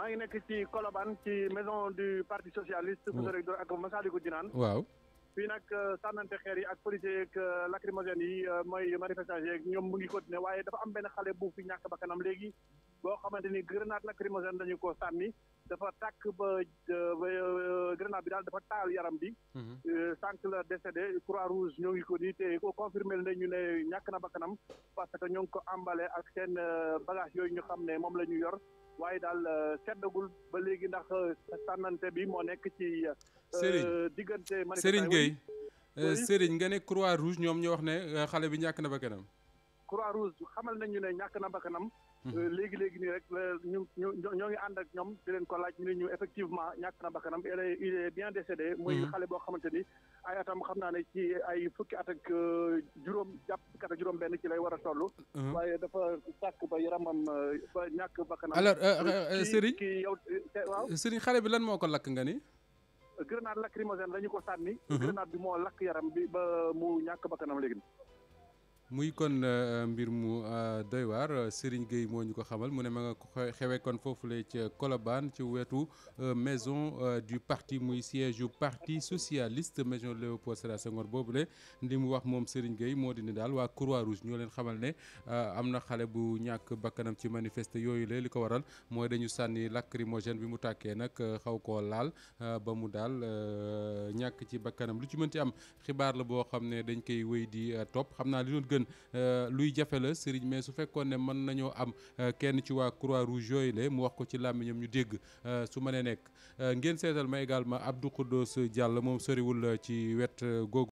maa ngi nekk ci Colobane ci maison du parti socialiste. bu sori mm. ak Massalikul Jinaan. waaw. fii nag euh, sànnante xeer yi ak policiers yeeg euh, lacrymogènes yi euh, mooy manifestation yeeg ñoom mu ngi ne waaye dafa am benn xale bu fi ñàkk bakkanam léegi boo xamante ni grenade lacrymogène dañu ko sànni. dafa takk ba euh, grenade bi daal dafa taal yaram bi. Mhm. Euh, sànq la décédé croix rouge ñoo ngi ko nii te ko confirmé nañu ne ñàkk na bakkanam parce que ñoo ngi ko emballé ak seen euh, bagage yooyu ñu xam ne moom la ñu yor waaye daal seddagul ba léegi ndax sànnante bi moo nekk ci. Serigne diggante Serigne Gueye nga ne croix rouge ñoom ñoo wax ne xale bi ñàkk na bakkanam croix rouge xamal nañu ne ñàkk na bakkanam mhm. euh, léegi léegi nii rek ñu ñu ñoo ngi ànd ak ñoom di leen ko laaj ñu ne ñu effectivement ñàkk na bakkanam il est bien décédé mhm. muy xale boo xamante ni ay atam xam naa ne ci ay fukki at ak euh, juróom jàpp fukki at juróom benn ci lay war a toll mhm. waaye dafa sàkk ba yaramam euh, ba ñàkk bakkanam alors Serigne kii yow xale bi lan moo ko lakk nga ni grenade lacrymogène la dañu ko sànni grenade bi moo lakk yaram bi ba mu ñàkk bakkanam léegi muy kon euh, mbir mu euh, doy waar euh, Serigne Gueye moo ñu ko xamal mu ne ma nga ko xewee kon foofule ca Colobane ci wetu maison du parti muy siège yu parti socialiste maison Léopold Sédar boobu boobule li mu wax moom Serigne géey moo di ne daal waa Croix Rouge ñoo leen xamal ne am na xale bu ñàkk bakkanam ci manifeste yooyu la li ko waral mooy dañu sànni lakk lacrymogène bi mu tàkkee nag xaw ko laal ba mu daal ñàkk ci bakkanam lu ci mën ci am xibaar la boo xam ne dañ jeunes luy jafe la Serigne mais su fekkoon ne mën nañoo am euh, kenn ci waa croix rouge yooyu mu wax ko ci làmmiñam ñu dégg euh, su ma nee nekk euh, ngeen seetal ma également Abdou Khoudoss Diallo moom soriwul ci wet googu